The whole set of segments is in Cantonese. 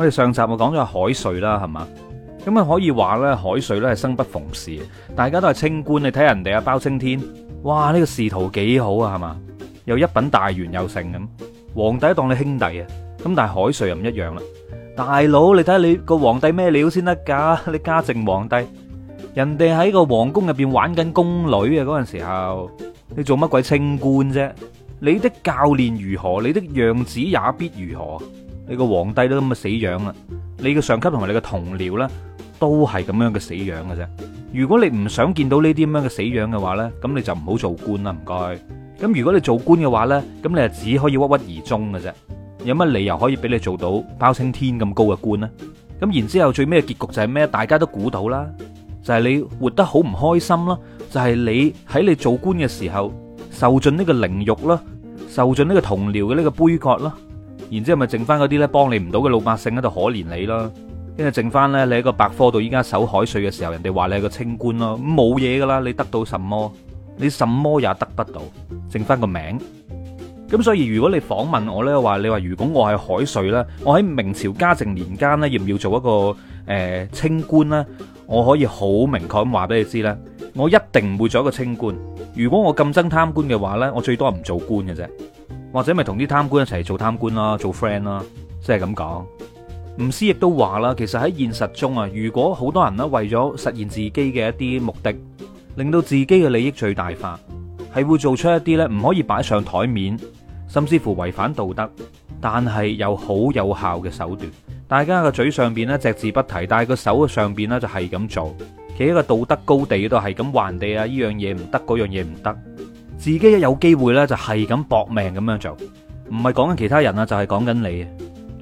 我哋上集又講咗海瑞啦，係嘛？咁啊可以話咧，海瑞咧係生不逢時，大家都係清官。你睇人哋阿包青天，哇呢個仕途幾好啊，係嘛？又一品大員又成咁，皇帝當你兄弟啊。咁但係海瑞又唔一樣啦，大佬你睇下你個皇帝咩料先得噶？你嘉靖皇帝，人哋喺個皇宮入邊玩緊宮女啊，嗰陣時候你做乜鬼清官啫？你的教練如何，你的樣子也必如何。你個皇帝都咁嘅死樣啦，你嘅上級同埋你嘅同僚呢，都係咁樣嘅死樣嘅啫。如果你唔想見到呢啲咁樣嘅死樣嘅話呢，咁你就唔好做官啦，唔該。咁如果你做官嘅話呢，咁你就只可以鬱鬱而終嘅啫。有乜理由可以俾你做到包青天咁高嘅官呢？咁然之後最尾嘅結局就係咩？大家都估到啦，就係你活得好唔開心啦，就係你喺你做官嘅時候受盡呢個凌辱啦，受盡呢個同僚嘅呢個杯葛啦。然之後咪剩翻嗰啲咧幫你唔到嘅老百姓喺度可憐你咯，跟住剩翻咧你喺個百科度依家守海瑞嘅時候，人哋話你係個清官咯，冇嘢噶啦，你得到什麼？你什麼也得不到，剩翻個名。咁所以如果你訪問我呢，話你話如果我係海瑞呢，我喺明朝嘉靖年間呢，要唔要做一個誒、呃、清官呢？我可以好明確咁話俾你知呢，我一定唔會做一個清官。如果我咁憎貪官嘅話呢，我最多係唔做官嘅啫。或者咪同啲貪官一齊做貪官啦，做 friend 啦，即係咁講。吳思亦都話啦，其實喺現實中啊，如果好多人啦，為咗實現自己嘅一啲目的，令到自己嘅利益最大化，係會做出一啲呢，唔可以擺上台面，甚至乎違反道德，但係又好有效嘅手段。大家個嘴上邊呢，隻字不提，但係個手嘅上邊呢就係咁做，喺一個道德高地度係咁話人哋啊！呢樣嘢唔得，嗰樣嘢唔得。自己一有機會呢，就係咁搏命咁樣做，唔係講緊其他人啊，就係講緊你。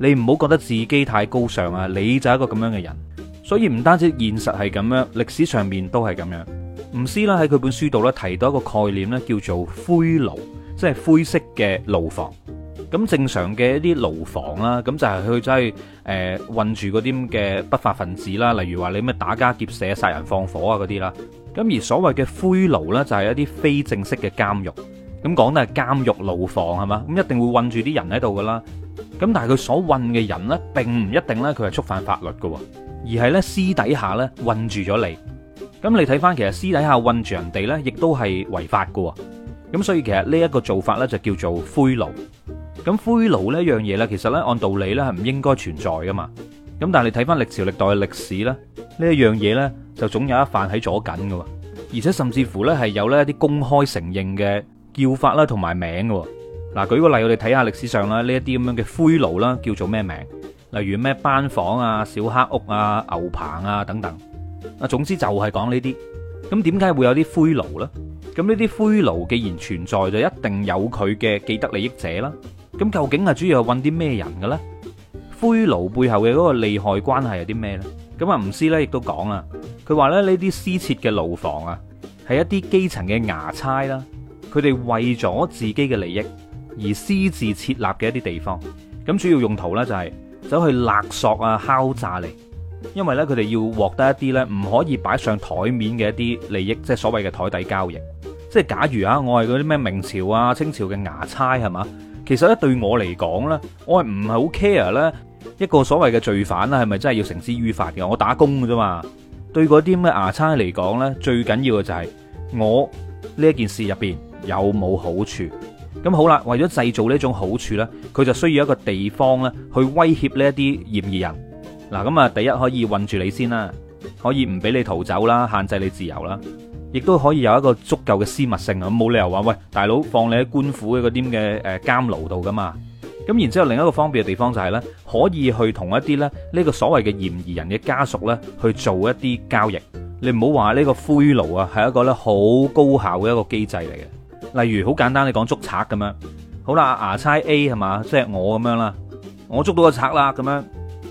你唔好覺得自己太高尚啊，你就係一個咁樣嘅人。所以唔單止現實係咁樣，歷史上面都係咁樣。吳思呢喺佢本書度呢提到一個概念呢叫做灰牢，即係灰色嘅牢房。咁正常嘅一啲牢房啦，咁就係佢真係誒困住嗰啲咁嘅不法分子啦，例如話你咩打家劫舍、殺人放火啊嗰啲啦。咁而所謂嘅灰牢呢，就係一啲非正式嘅監獄。咁講得係監獄牢房係嘛？咁一定會困住啲人喺度噶啦。咁但係佢所困嘅人呢，並唔一定呢，佢係觸犯法律嘅，而係呢，私底下呢，困住咗你。咁你睇翻其實私底下困住人哋呢，亦都係違法嘅。咁所以其實呢一個做法呢，就叫做灰牢。咁灰牢呢一樣嘢呢，其實呢，按道理呢，係唔應該存在噶嘛。咁但係你睇翻歷朝歷代嘅歷史咧，呢一樣嘢咧就總有一犯喺左緊嘅，而且甚至乎咧係有咧一啲公開承認嘅叫法啦同埋名嘅。嗱，舉個例，我哋睇下歷史上咧呢一啲咁樣嘅灰奴啦，叫做咩名？例如咩班房啊、小黑屋啊、牛棚啊等等。啊，總之就係講呢啲。咁點解會有啲灰奴咧？咁呢啲灰奴既然存在，就一定有佢嘅既得利益者啦。咁究竟係主要係揾啲咩人嘅咧？灰奴背後嘅嗰個利害關係有啲咩呢？咁啊，吳思咧亦都講啦，佢話咧呢啲私設嘅牢房啊，係一啲基層嘅衙差啦、啊，佢哋為咗自己嘅利益而私自設立嘅一啲地方，咁主要用途呢，就係、是、走去勒索啊敲詐嚟，因為呢，佢哋要獲得一啲呢唔可以擺上台面嘅一啲利益，即係所謂嘅台底交易。即係假如啊，我係嗰啲咩明朝啊清朝嘅衙差係嘛，其實咧對我嚟講呢，我係唔係好 care 咧。一個所謂嘅罪犯啦，係咪真係要繩之於法嘅？我打工嘅啫嘛，對嗰啲咁嘅牙差嚟講呢，最緊要嘅就係我呢件事入邊有冇好處。咁好啦，為咗製造呢一種好處呢，佢就需要一個地方咧去威脅呢一啲嫌疑人。嗱，咁啊，第一可以困住你先啦，可以唔俾你逃走啦，限制你自由啦，亦都可以有一個足夠嘅私密性。我冇理由話喂，大佬放你喺官府嗰啲嘅誒監牢度噶嘛。咁然之後，另一個方便嘅地方就係咧，可以去同一啲咧呢個所謂嘅嫌疑人嘅家屬咧去做一啲交易。你唔好話呢個灰牢啊，係一個咧好高效嘅一個機制嚟嘅。例如好簡單，你講捉賊咁樣，好啦，衙差 A 係嘛，即係我咁樣啦，我捉到個賊啦，咁樣，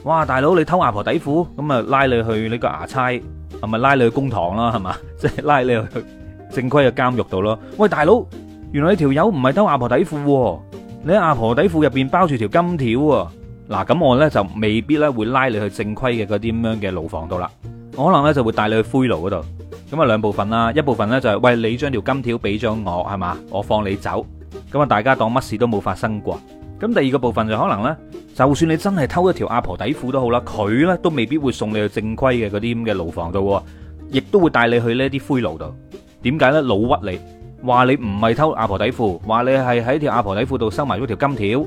哇，大佬你偷阿婆底褲，咁啊拉你去呢個衙差，係咪拉你去公堂啦，係嘛，即係拉你去正規嘅監獄度咯。喂，大佬，原來你條友唔係偷阿婆底褲喎。你阿婆底褲入邊包住條金條喎。嗱，咁我呢就未必咧會拉你去正規嘅嗰啲咁樣嘅牢房度啦，我可能呢就會帶你去灰爐嗰度，咁啊兩部分啦，一部分呢就係、是、喂，你將條金條俾咗我係嘛，我放你走，咁啊大家當乜事都冇發生過，咁第二個部分就是、可能呢，就算你真係偷一條阿婆底褲都好啦，佢呢都未必會送你去正規嘅嗰啲咁嘅牢房度，亦都會帶你去呢啲灰爐度，點解呢？老屈你。話你唔係偷阿婆底褲，話你係喺條阿婆底褲度收埋咗條金條，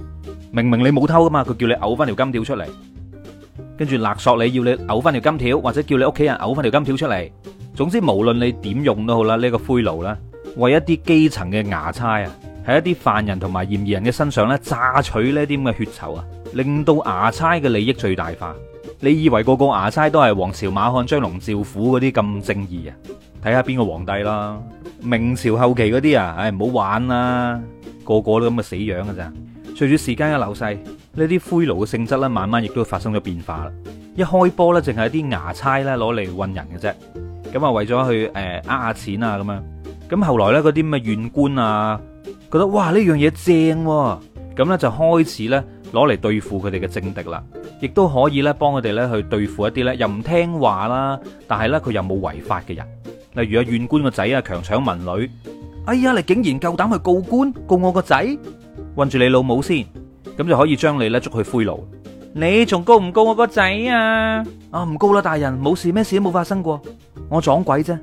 明明你冇偷噶嘛，佢叫你嘔翻條金條出嚟，跟住勒索你要你嘔翻條金條，或者叫你屋企人嘔翻條金條出嚟，總之無論你點用都好啦，呢、這個賄賂啦，為一啲基層嘅衙差啊，喺一啲犯人同埋嫌疑人嘅身上咧榨取呢啲咁嘅血酬啊，令到衙差嘅利益最大化。你以為個個衙差都係王朝馬漢張龍趙虎嗰啲咁正義啊？睇下邊個皇帝啦。明朝後期嗰啲啊，唉唔好玩啦，個個都咁嘅死樣嘅咋？隨住時間嘅流逝，呢啲灰爐嘅性質咧，慢慢亦都發生咗變化啦。一開波咧，淨係啲牙差咧攞嚟運人嘅啫，咁啊為咗去誒呃下錢啊咁樣。咁後來咧，嗰啲乜縣官啊，覺得哇呢樣嘢正啊，咁咧就開始咧攞嚟對付佢哋嘅政敵啦，亦都可以咧幫佢哋咧去對付一啲咧又唔聽話啦，但係咧佢又冇違法嘅人。例如啊，縣官個仔啊，強搶民女，哎呀，你竟然夠膽去告官，告我個仔，困住你老母先，咁就可以將你咧捉去灰爐。你仲告唔告我個仔啊？啊，唔告啦，大人，冇事，咩事都冇發生過，我撞鬼啫。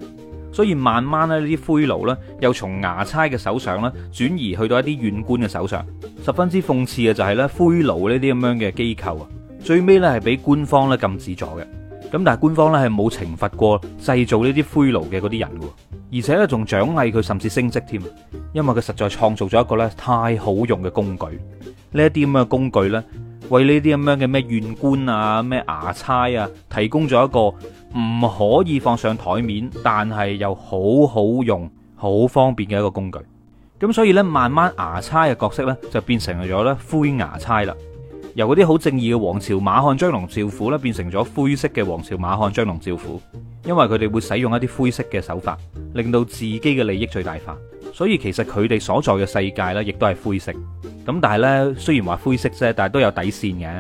所以慢慢咧，呢啲灰爐咧，又從衙差嘅手上咧，轉移去到一啲縣官嘅手上，十分之諷刺嘅就係咧，灰爐呢啲咁樣嘅機構啊，最尾咧係俾官方咧禁止咗嘅。咁但係官方咧係冇懲罰過製造呢啲灰爐嘅嗰啲人，而且咧仲獎勵佢甚至升職添，因為佢實在創造咗一個咧太好用嘅工具。呢一啲咁嘅工具呢，為呢啲咁樣嘅咩縣官啊、咩牙差啊，提供咗一個唔可以放上台面，但係又好好用、好方便嘅一個工具。咁所以呢，慢慢牙差嘅角色呢，就變成咗咧灰牙差啦。由嗰啲好正義嘅王朝馬漢張龍趙虎咧，變成咗灰色嘅王朝馬漢張龍趙虎，因為佢哋會使用一啲灰色嘅手法，令到自己嘅利益最大化。所以其實佢哋所在嘅世界呢，亦都係灰色。咁但係呢，雖然話灰色啫，但係都有底線嘅。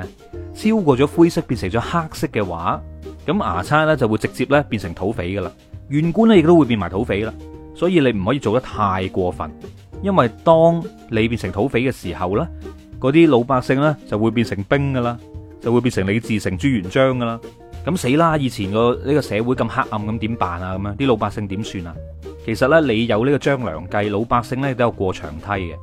超過咗灰色變成咗黑色嘅話，咁衙差呢就會直接咧變成土匪噶啦，縣官呢，亦都會變埋土匪啦。所以你唔可以做得太過分，因為當你變成土匪嘅時候呢。嗰啲老百姓呢，就會變成兵噶啦，就會變成李自成、朱元璋噶啦。咁死啦！以前個呢個社會咁黑暗，咁點辦啊？咁樣啲老百姓點算啊？其實呢，你有呢個張良計，老百姓呢都有過牆梯嘅。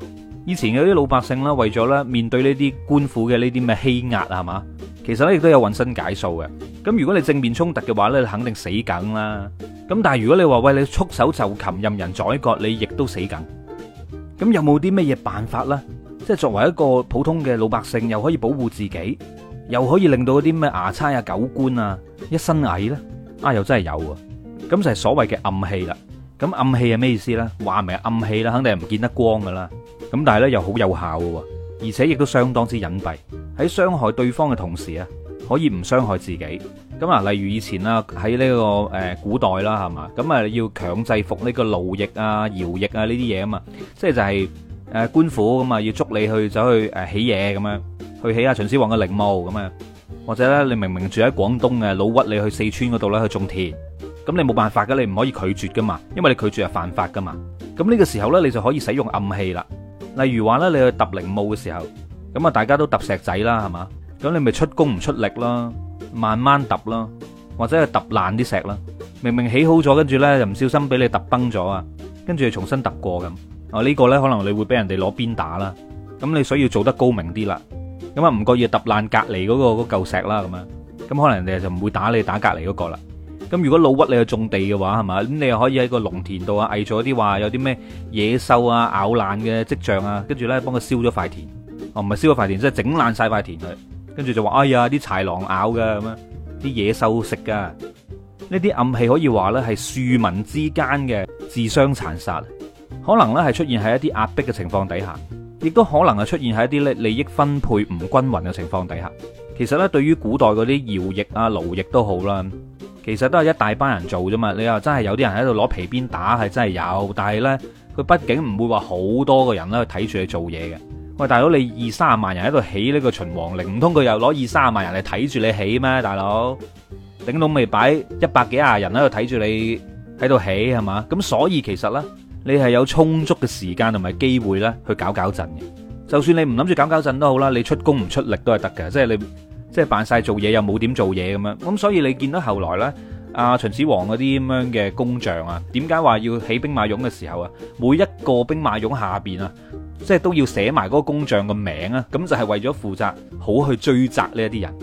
以前嘅啲老百姓呢，為咗呢面對呢啲官府嘅呢啲咩欺壓啊，係嘛？其實呢，亦都有渾身解數嘅。咁如果你正面衝突嘅話呢，肯定死梗啦。咁但係如果你話喂你束手就擒，擒、任人宰割，你亦都死梗。咁有冇啲咩嘢辦法呢？即係作為一個普通嘅老百姓，又可以保護自己，又可以令到啲咩衙差啊、狗官啊，一身蟻咧啊，又真係有喎。咁就係所謂嘅暗器啦。咁、嗯、暗器係咩意思呢？話明暗器啦，肯定係唔見得光噶啦。咁但係咧又好有效嘅，而且亦都相當之隱蔽，喺傷害對方嘅同時啊，可以唔傷害自己。咁、嗯、啊，例如以前啦，喺呢、這個誒、呃、古代啦，係嘛？咁、嗯、啊，要強制服呢個奴役啊、徭役啊呢啲嘢啊嘛，即係就係、是。誒，官府咁啊，要捉你去走去誒，起嘢咁樣，去起下秦始皇嘅陵墓咁啊，或者咧，你明明住喺廣東嘅，老屈你去四川嗰度咧去種田，咁你冇辦法噶，你唔可以拒絕噶嘛，因為你拒絕係犯法噶嘛。咁呢個時候咧，你就可以使用暗器啦。例如話咧，你去揼陵墓嘅時候，咁啊，大家都揼石仔啦，係嘛？咁你咪出工唔出力啦，慢慢揼啦，或者係揼爛啲石啦。明明起好咗，跟住咧又唔小心俾你揼崩咗啊，跟住重新揼過咁。哦，呢個呢，可能你會俾人哋攞鞭打啦，咁你所以要做得高明啲啦，咁啊唔覺意揼爛隔離嗰個嗰嚿石啦，咁樣，咁可能人哋就唔會打你打隔離嗰個啦。咁如果老屈你去種地嘅話，係嘛？咁你又可以喺個農田度啊偽造啲話有啲咩野獸啊咬爛嘅跡象啊，跟住呢，幫佢燒咗塊田，哦，唔係燒咗塊田，即係整爛晒塊田佢，跟住就話哎呀啲豺狼咬㗎咁啊，啲野獸食㗎，呢啲暗器可以話呢，係庶民之間嘅自相殘殺。可能咧，係出現喺一啲壓迫嘅情況底下，亦都可能係出現喺一啲咧利益分配唔均勻嘅情況底下。其實咧，對於古代嗰啲徭役啊、勞役都好啦，其實都係一大班人做啫嘛。你話真係有啲人喺度攞皮鞭打係真係有，但係呢，佢畢竟唔會話好多個人咧睇住你做嘢嘅。喂，大佬，你二三十萬人喺度起呢個秦王陵，唔通佢又攞二三十萬人嚟睇住你起咩？大佬，頂到未擺一百幾廿人喺度睇住你喺度起係嘛？咁所以其實呢。你係有充足嘅時間同埋機會咧，去搞搞震嘅。就算你唔諗住搞搞震都好啦，你出工唔出力都係得嘅。即係你即係扮曬做嘢又冇點做嘢咁樣。咁所以你見到後來咧，阿秦始皇嗰啲咁樣嘅工匠啊，點解話要起兵馬俑嘅時候啊，每一個兵馬俑下邊啊，即係都要寫埋嗰個工匠嘅名啊。咁就係為咗負責好去追責呢一啲人。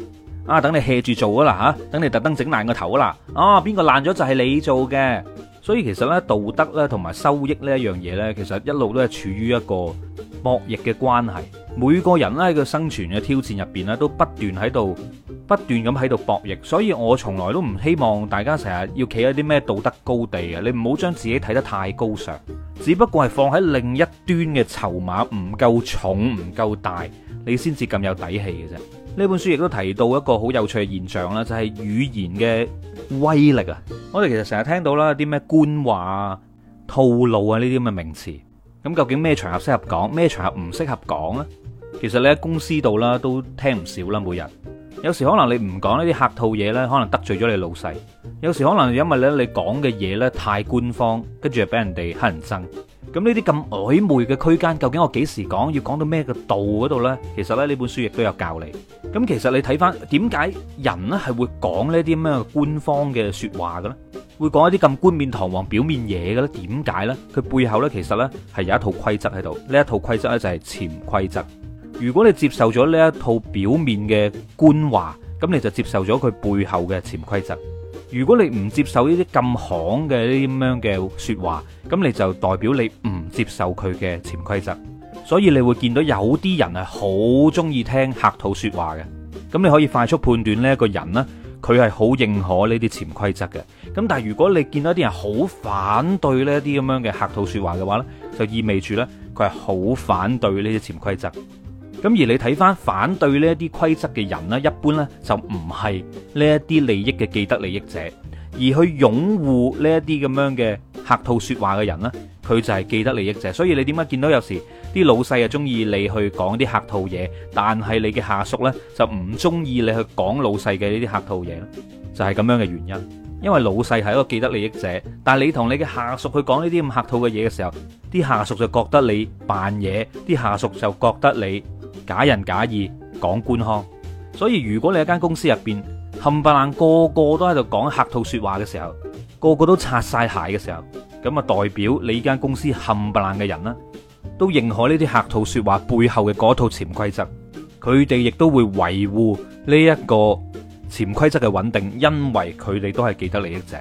啊，等你 hea 住做啊啦嚇，等你特登整爛個頭啊啦。啊，邊個爛咗就係你做嘅。所以其實咧道德咧同埋收益呢一樣嘢咧，其實一路都係處於一個博弈嘅關係。每個人咧喺個生存嘅挑戰入邊咧，都不斷喺度不斷咁喺度博弈。所以我從來都唔希望大家成日要企喺啲咩道德高地啊！你唔好將自己睇得太高尚，只不過係放喺另一端嘅籌碼，唔夠重唔夠大，你先至咁有底氣嘅啫。呢本書亦都提到一個好有趣嘅現象啦，就係語言嘅威力啊！我哋其實成日聽到啦，啲咩官話、套路啊呢啲咁嘅名詞，咁究竟咩場合適合講，咩場合唔適合講呢？其實你喺公司度啦，都聽唔少啦。每日有時可能你唔講呢啲客套嘢呢，可能得罪咗你老細；有時可能因為呢，你講嘅嘢呢太官方，跟住又俾人哋乞人憎。咁呢啲咁曖昧嘅區間，究竟我幾時講？要講到咩嘅度嗰度呢？其實咧呢本書亦都有教你。咁其實你睇翻，點解人咧係會講呢啲咩官方嘅說話嘅咧？會講一啲咁冠冕堂皇、表面嘢嘅咧？點解呢？佢背後呢，其實呢係有一套規則喺度。呢一套規則呢，就係潛規則。如果你接受咗呢一套表面嘅官話，咁你就接受咗佢背後嘅潛規則。如果你唔接受呢啲咁行嘅呢啲咁樣嘅說話，咁你就代表你唔接受佢嘅潛規則，所以你會見到有啲人係好中意聽客套說話嘅。咁你可以快速判斷呢一個人咧，佢係好認可呢啲潛規則嘅。咁但係如果你見到啲人好反對呢啲咁樣嘅客套說話嘅話咧，就意味住咧佢係好反對呢啲潛規則。咁而你睇翻反對呢一啲規則嘅人呢，一般呢就唔係呢一啲利益嘅既得利益者，而去擁護呢一啲咁樣嘅客套説話嘅人呢，佢就係既得利益者。所以你點解見到有時啲老細又中意你去講啲客套嘢，但係你嘅下屬呢就唔中意你去講老細嘅呢啲客套嘢？就係咁樣嘅原因，因為老細係一個既得利益者，但係你同你嘅下屬去講呢啲咁客套嘅嘢嘅時候，啲下屬就覺得你扮嘢，啲下屬就覺得你假仁假義講官腔，所以如果你喺間公司入邊冚唪唥個個都喺度講客套說話嘅時候，個個都擦晒鞋嘅時候，咁啊代表你呢間公司冚唪唥嘅人啦，都認可呢啲客套說話背後嘅嗰套潛規則，佢哋亦都會維護呢一個潛規則嘅穩定，因為佢哋都係既得利益者，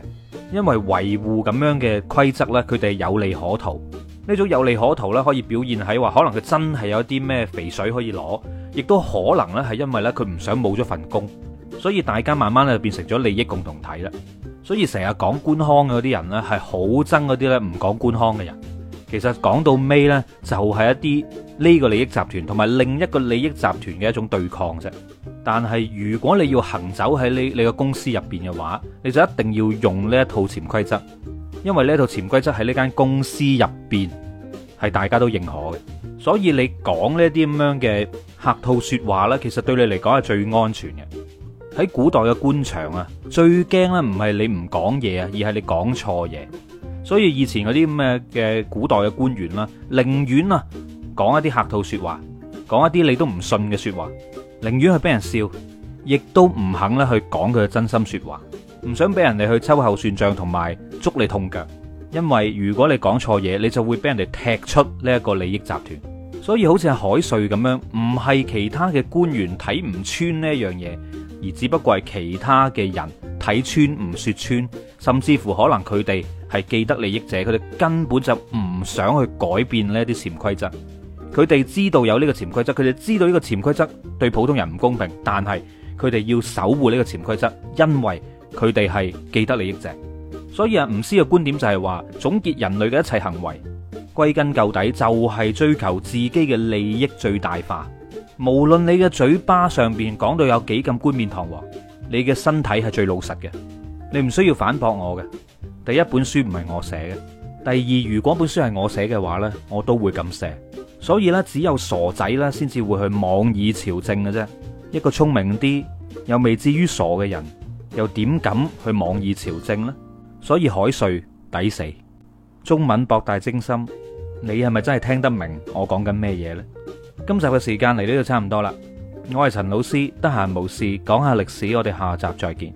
因為維護咁樣嘅規則呢，佢哋有利可圖。呢種有利可圖咧，可以表現喺話可能佢真係有一啲咩肥水可以攞，亦都可能咧係因為咧佢唔想冇咗份工，所以大家慢慢咧變成咗利益共同體啦。所以成日講官腔嘅嗰啲人咧，係好憎嗰啲咧唔講官腔嘅人。其實講到尾咧，就係一啲呢個利益集團同埋另一個利益集團嘅一種對抗啫。但係如果你要行走喺呢你個公司入邊嘅話，你就一定要用呢一套潛規則。因為呢套潛規則喺呢間公司入邊係大家都認可嘅，所以你講呢啲咁樣嘅客套說話呢，其實對你嚟講係最安全嘅。喺古代嘅官場啊，最驚呢唔係你唔講嘢啊，而係你講錯嘢。所以以前嗰啲咁嘅嘅古代嘅官員啦，寧願啊講一啲客套說話，講一啲你都唔信嘅說話，寧願去俾人笑，亦都唔肯咧去講佢嘅真心說話，唔想俾人哋去秋後算賬同埋。捉你痛腳，因為如果你講錯嘢，你就會俾人哋踢出呢一個利益集團。所以好似係海瑞咁樣，唔係其他嘅官員睇唔穿呢樣嘢，而只不過係其他嘅人睇穿唔說穿，甚至乎可能佢哋係既得利益者，佢哋根本就唔想去改變呢啲潛規則。佢哋知道有呢個潛規則，佢哋知道呢個潛規則對普通人唔公平，但係佢哋要守護呢個潛規則，因為佢哋係既得利益者。所以啊，吳思嘅觀點就係話，總結人類嘅一切行為，歸根究底就係追求自己嘅利益最大化。無論你嘅嘴巴上邊講到有幾咁冠冕堂皇，你嘅身體係最老實嘅。你唔需要反駁我嘅。第一本書唔係我寫嘅，第二如果本書係我寫嘅話呢，我都會咁寫。所以咧，只有傻仔啦，先至會去妄議朝政嘅啫。一個聰明啲又未至於傻嘅人，又點敢去妄議朝政呢？所以海瑞抵死，中文博大精深，你係咪真係聽得明我講緊咩嘢呢？今集嘅時間嚟呢度差唔多啦，我係陳老師，得閒無事講下歷史，我哋下集再見。